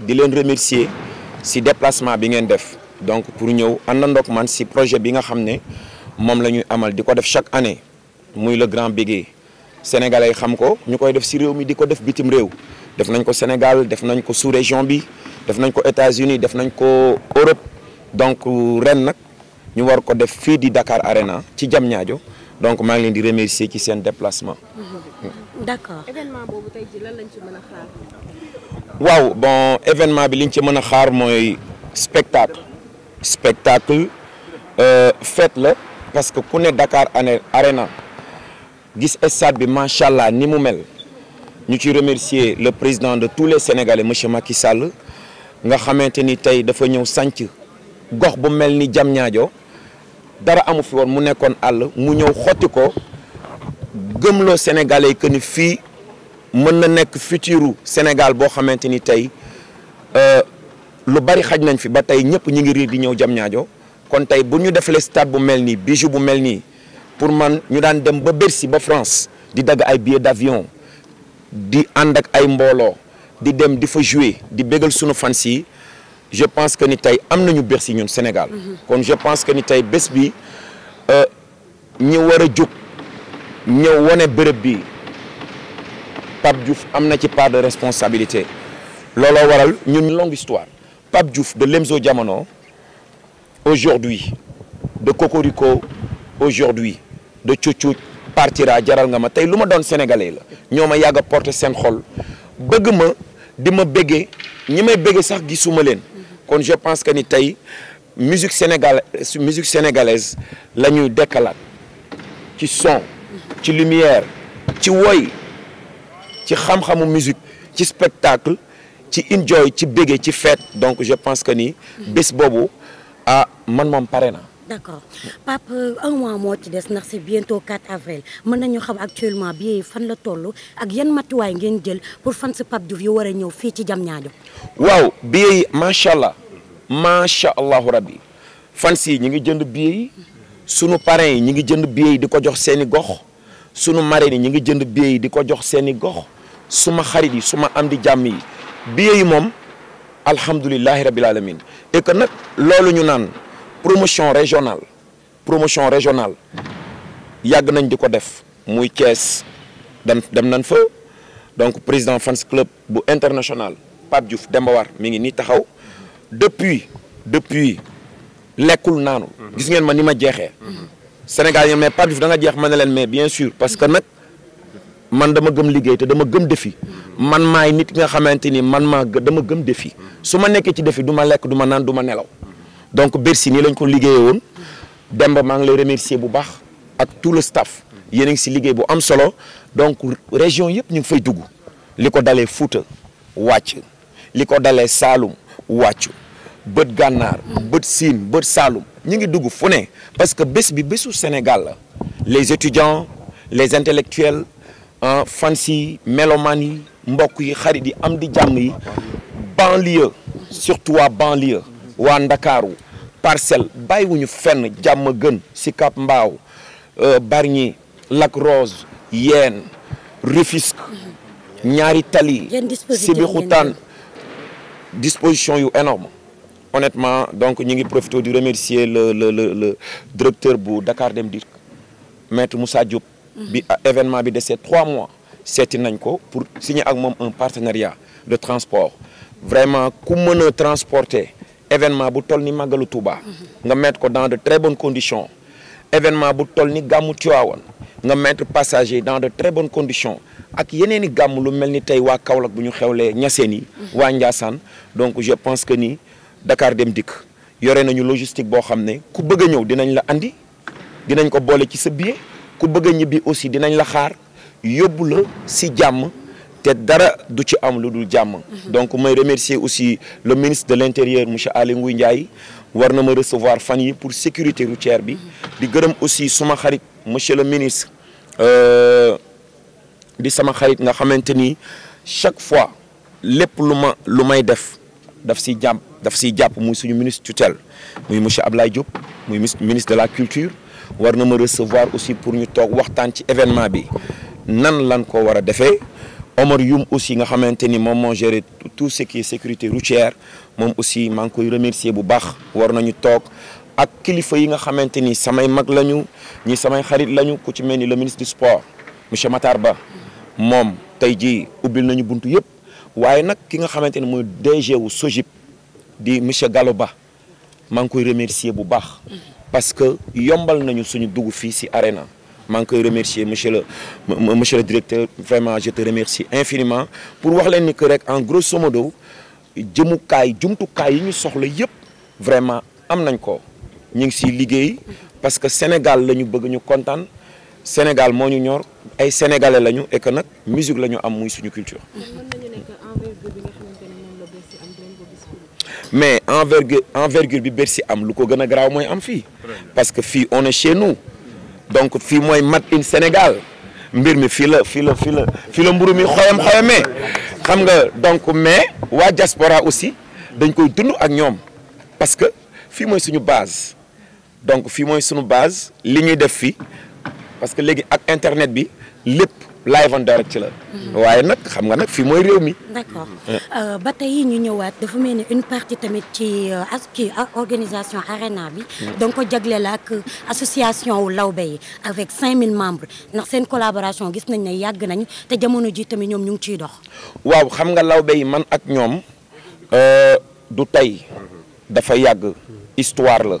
de di remercier si déplacement bi ngeen def donc pour nous, en man si projet bi nga xam ne moom la amal de quoi def chaque année nous le grand bégué sénégalais yi xam ko de def si réew mi di def bitim réew def nañ ko Sénégal def nañ ko sous région bi def nañ ko États-Unis def nañ ko Europe donc ren nous ñu war ko def fii di Dakar Arena ci Diamniadio donc maa ngi leen di remercier ci seen déplacement. d'accord événement lan lañ ci xaar waaw bon événement bi liñ ci mëna xaar moy spectacle spectacle euh, fête là parce que ku ne Dakar Arena gis stade bi machallah ni mu mel ñu ci remercier le président de tous les Sénégalais monsieur Macky Sall nga xamanteni tay dafa ñew sanc gox bu mel ni Diamniadio dara amu fi won mu nekkoon all mu ñew xoti ko gëmloo Sénégalais que ni fi mën na nekk futuru Sénégal boo xamante ni tey euh, lu bari xaj nañ fi ba tay ñëpp ñi ngi riir di ñëw jam ñaajo kon tay buñu def defalee stade bu melni bijou bu melni pour man ñu daan dem ba Bercy ba France di dag ay billet d'avion di ànd ak ay mbolo di dem di fa jouer di bégal sunu fans yi je pense que ni tay am nañu Bercy ñun Sénégal. Mhm. kon je pense que ni tay bés bi euh ñi wara juk ñew woné wane bërëb bi. Pape Diouf am na ci part de responsabilité looloo waral ñun longue histoire Pape Diouf de Lemzo Diamano... aujourd'hui de Cocorico aujourd'hui de Cuucuuc partira jaral nga ma tey lu ma sénégalais la ñoo ma yàgg a porter seen xol bëgg ma di ma béggee ñi may béggee sax gisuma leen kon je pense que ni musique sénégalaise musique sénégalaise la nuit décalée, ci son ci lumière ci woy ci xam-xamu musique ci spectacle ci enjoy ci bége ci fête donc je pense que ni bés bobu ah man mom pare na. d'accord Pape un mois mo ci dess nak c'est bientôt 4 avril mën nañu xam actuellement bié fan la tollu ak yan matuwaay ngeen djel pour fan ce Pape Diouf yi war a ñëw fii ci Diamniadio. waaw bié yi sha allah sha Allah rabbi fan si ñi ngi jënd bié yi sunu parrains yi ñi ngi jënd bié yi jox seen gox sunu marraines yi ñi ngi jënd bié yi jox seen gox suma xarit yi suma am di jàmm yi biye yi moom alhamdulilahi rabil alamin et que nag loolu ñu promotion régionale promotion régionale yàgg nañ di ko def muy dem dem nañ fa donc président France club bu international Pape Diouf Demba War mi ngi taxaw depuis depuis lekkul naanu. gis ngeen ma ni ma jeexee. Mhm. Sénégal yi mais Pape Diouf da nga jeex ma mais bien sûr parce que nag man dama gëm liggéey te dama gëm défi man may nit ki nga xamanteni man ma dama gëm défi suma ma ci défi duma lek duma nan duma nelaw donc Bercy ni lañ ko liggéeyee won Demba maa ngi lay remercier bu baax ak tout le staff yene ci ngi liggéey bu am solo donc région yep ñu fay duggu liko dalé dalee wacc liko dalé saloum wacc beut ganar beut gànnaar bët saloum ñi ngi duggu fune parce que bés bi bésu Sénégal les étudiants les intellectuels ah, Fancy, melomani, Mbokoui, haridi, Amdi yi xarit yi am di jamm yi banlieue surtout à banlieue waa ndakaaru parcelle wuñu fenn jàmm gën mbaw Mbao euh, Lac Rose Yen, Rufisque ñaari tali disposition yu énorme honnêtement donc profitons ngi remercier le le le le directeur bu Dakar Dem dire, maître Moussa Diop bi ah, événement bi ces trois mois C'est ko pour signer ak un partenariat de transport vraiment comment nous transporter événement bu toll ni màggalu Touba. mettre ko dans de très bonnes conditions événement bu toll ni gàmmu nga mettre passager dans de très bonnes conditions ak yeneen i gàmm lu mel ni tey waa Kaolack bu ñu donc je pense que ni Dakar Dem y yore nañu logistique boo xam ne ku bëgg a ñëw dinañ la andi dinañ ko bolé ci sa billet ku bëgg ñibi aussi dinañ la xaar yóbbu la ci jamm té dara du ci am lu dul jàmm. Mhm. donc may remercier aussi le ministre de l'intérieur, monsieur Ali Ngouille Ndiaye ma recevoir fan yi pour sécurité routière bi. Mhm. di gërëm aussi sama xarit monsieur le ministre euh, di sama xarit nga xamanteni chaque fois lépp lu ma lu may def daf si jamm daf ci japp muy suñu ministre tutelle muy monsieur Ablaye Diop muy ministre de la culture war na recevoir aussi pour ñu tok waxtaan ci événement bi nan lan ko wara défé Omar Youm aussi nga xamante mom moom géré tout ce qui est sécurité routière mom aussi maa koy remercier bu baax war nañu toog ak kilifa yi nga xamante samay mag lañu ñi samay xarit lañu ku ci melni le ministre du sport monsieur matarba mom tay ji ubil nañu buntu yépp waye nak ki nga xamante moy DG wu SOGIP di monsieur Galoba Ba koy remercier bu baax parce que yombal nañu suñu dugg fi ci Arena man koy remercier monsieur le monsieur le directeur vraiment je te remercie infiniment pour wax len ni que rek en grosso modo jëmukaay jumtukaay yi ñu soxla yépp vraiment am nañ ko ñu ngi ciy liggéey parce que Sénégal lañu bëgg ñu contane Sénégal moñu ñor ay sénégalais lañu et que nak musique lañu am muy suñu culture. mais envergure envergure bi Bercy am lu ko a moy parce que filles on est chez nous donc fi on mat in Sénégal mbir mi fi la la la la mburu donc mais wa diaspora aussi dañ koy dund ak parce que fi moy suñu base donc fi moy suñu base li ñuy def parce que légui internet bi lepp live en direct mhm. d'accord eh. euh, Aujourd'hui, nous une partie de euh, l'organisation organisation arena mm. donc ko association l'association 5 avec 5000 membres dans cette collaboration gis nañ ne nañ te ji tamit ñu ngi man euh, histoire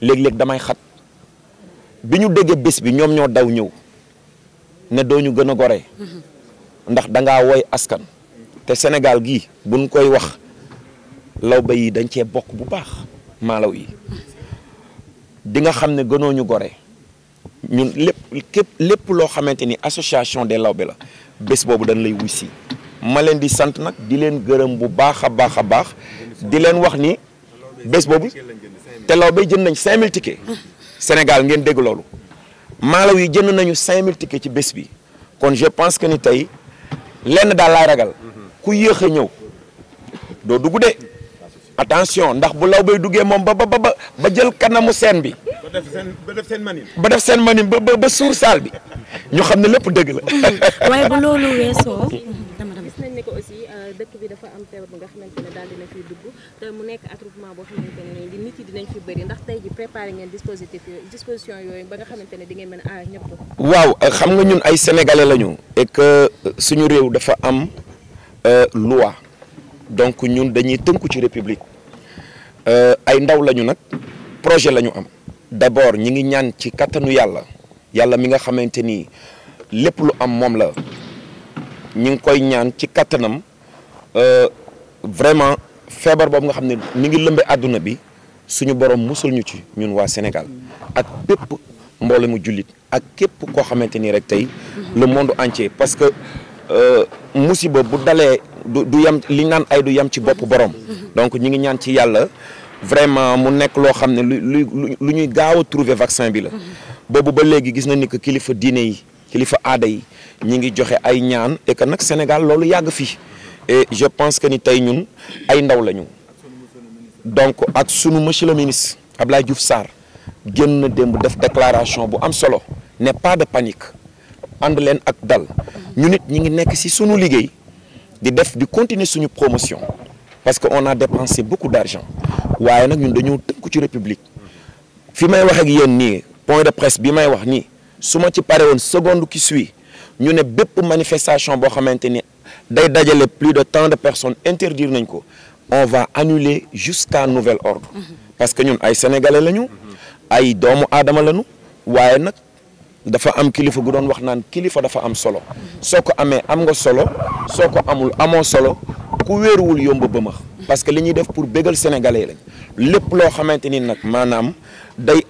léeg-léeg damay xat bi ñu déggee bés bi ñoom ñoo daw ñëw ne doo ñu gën a gore ndax dangaa woy askan te Sénégal gii buñ koy wax lawbe yi dañ cee bokk bu baax maalaw yi di nga xam ne gënoo ñu gore ñun lépp képp lépp loo xamante ni association des lawbe la bés boobu dañ lay wuy si ma leen di sant nag di leen gërëm bu baax a baax a baax di leen wax ni bés boobu te law bay jënd nañ 5000 tickets Sénégal ngeen dégg loolu maalaw yi jënd nañu mil tickets ci bés bi kon je pense que ni tey lenn daal laa ragal ku yéex a ñëw doo dugg de attention ndax bu law bay duggee moom ba ba ba ba jël kanamu seen bi. ba def seen ba def seen manin. ba def seen manin ba ba suur saal bi ñu xam ne lépp dëgg la. dëkk bi dafa am feebar ba nga xamantene dal dina fi dugg te mu nekk attroupement bo xamantene ni di nit yi dinañ fi bëri ndax tay ji préparé ngeen dispositif yooyu disposition yoy ba nga xamantene di ngeen mëna a aar ñëpp. waaw xam nga ñun ay sénégalais lañu. et que euh, suñu réew dafa am euh, loi donc ñun dañuy tënku ci république euh, ay ndaw lañu nak projet lañu am d'abord ñi ngi ñaan ci katanu yalla yalla mi nga xamanteni lepp lu am mom la. ñi ngi koy ñaan ci katanam Euh, vraiment feebar boobu nga xam ne mi ngi lëmbe àdduna bi suñu borom musul ñu ci ñun waa Sénégal ak bépp mboole mu jullit ak képp koo xamante ni rek tey le monde entier parce que euh, musiba bu dalee du du yam li naan ay du yam ci bopp borom donc ñi ngi ñaan ci yàlla vraiment mu nekk loo xam ne lu lu lu ñuy gaaw a trouver vaccin bi la boobu ba léegi gis na ni que kilifa diine yi kilifa aada yi ñi ngi joxe ay ñaan et nag Sénégal loolu yàgg fii et je pense que ni tey ñun ay ndaw lañu donc ak sunu monsieur le ministre ablaye Diouf sar genn demb def déclaration bu am solo ne pas de panique and leen ak dal ñu nit ñi ngi nekk ci sunu liguey di def di continuer sunu promotion parce que on a dépensé beaucoup d'argent waye nak ñun dañu tënku ci république fi may wax ak yeen ni point de presse bi may wax ni suma ci paré woon seconde qui suit ñu ne bépp manifestation bo xamanteni day plus de tant de personnes interdire on va annuler jusqu'à nouvel ordre parce que ñun ay sénégalais lañu ay doomu lañu dafa am kilifa gu doon wax am solo Soko amé am nga solo soko amul solo ku parce que pour sénégalais lañ lepp lo day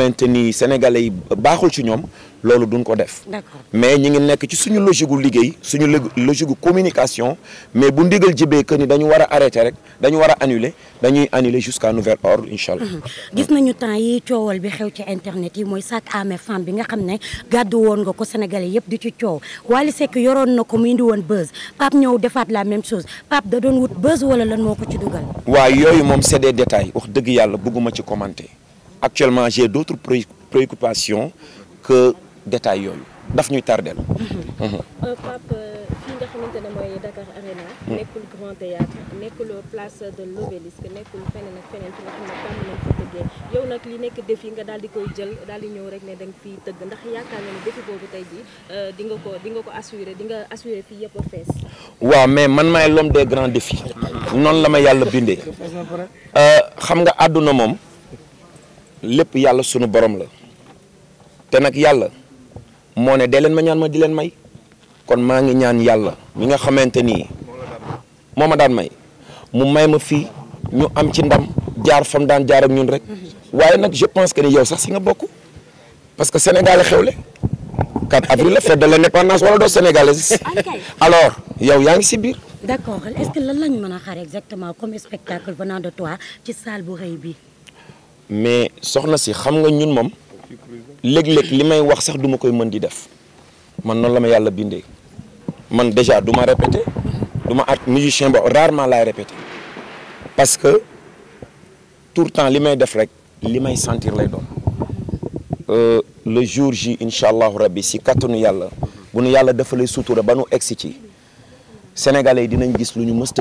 andi sénégalais loolu duñ ko def mais ñi ngi nekk ci suñu logique liguey suñu logique communication mais bu ndigal jibe que ni dañu wara arrêter rek dañu wara annuler dañuy annuler jusqu'à nouvel ordre incha mhm. gis nañu temps yi ciowal bi xew ci internet yi moy sac à main femme bi nga xam gaddu won nga ko sénégalais yépp di ci ciow Wally Seck yoroon na ko mu indi won buzz pap ñew defat la même chose pap da doon wut buzz wala lan moko ci duggal wa yooyu mom c'est des détails wax deug yalla bëgguma ci commenter actuellement j'ai d'autres préoccupations que détail yooyu daf ñuy tardeel euh, Pape euh, fii nga xamante ne Dakar Arena mm. nekkul grand théâtre nekkul place de l'obélisque nekkul feneen ak feneen fi nga xam ne tàmm nañ tëgg ndax yaakaar nga ne défi boobu tey jii euh, di ko di ko assuré di assuré fii yëpp fees waaw mais man maay l'homme des grands défis noonu la ma yàlla bindee xam nga àdduna moom lépp yàlla sunu borom la te nag yàlla moo ne dee ma ñaan ma di leen may kon maa ngi ñaan yàlla mi nga xamante ni moo ma daan may mu may ma fii ñu am ci ndam jaar fam daan jaar ak ñun rek waaye nag je pense que ni yow sax si nga bokk parce que Sénégal xewle 4 avril la fête de l'indépendance wala doo Sénégalais. alors yow yaa ngi si biir. d'accord est-ce que lan lañ mën a xaar exactement comme spectacle venant de toi ci salle bu rëy bi. mais soxna si xam nga ñun moom ne léeg pas wax sax duma koy mën di def man la ma yalla bindé. man déjà duma ma répéter, musicien rarement la répéter. parce que tout le temps limay mains def rek limay sentir lay euh, le jour J si bu nu yalla lay ci sénégalais dinañ gis luñu wax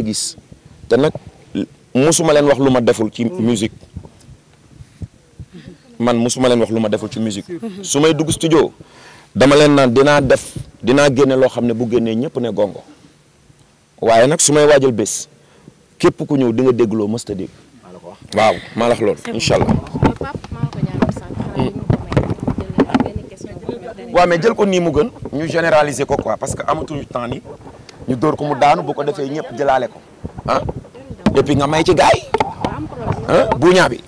musique man musuma len wax luma deful ci musique sumay dugg studio dama len nan dina def dina génne lo xam bu génnee ñëpp ne gongo waye nak sumay may bes bés képp ku ñew di nga déggloo musta dégg waaw maa lax loolu incha allah waaw mais jël ko ni mu gën ñu généraliser ko quoi parce que ñu temps ni ñu dóor ko mu daanu bu ko défé ñepp jëlalé ko ah depuis nga may ci gaay ah bu ñaabi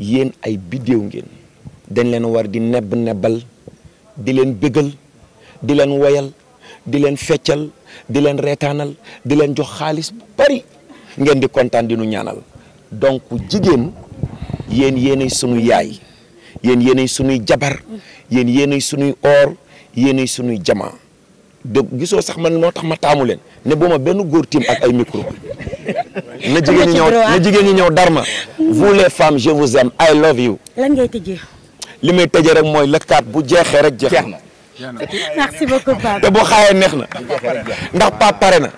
yéen ay biddéew ngeen dañ leen war di nebb nebbal di leen bégal di leen woyal di leen feccal di leen reetaanal di leen jox xaalis bari ngeen di kontaan di nu ñaanal donc jigéen yéen yéenay sunuy yaay yéen yéenay sunuy jabar yéen yéenay sunuy or yéenay sunuy jamaa de gisoo sax man moo tax ma taamu leen ne bu ma benn góor tiim ak ay micro na jigéen ñi ñëw na jigéen ñi ñëw Darma. vous les femmes je vous aime I love you. lan ngay tëjee. li may tëjee rek mooy lëkkaat bu jeexee rek jeex na. merci beaucoup Pape. te boo xaayee ndax Pape pare na.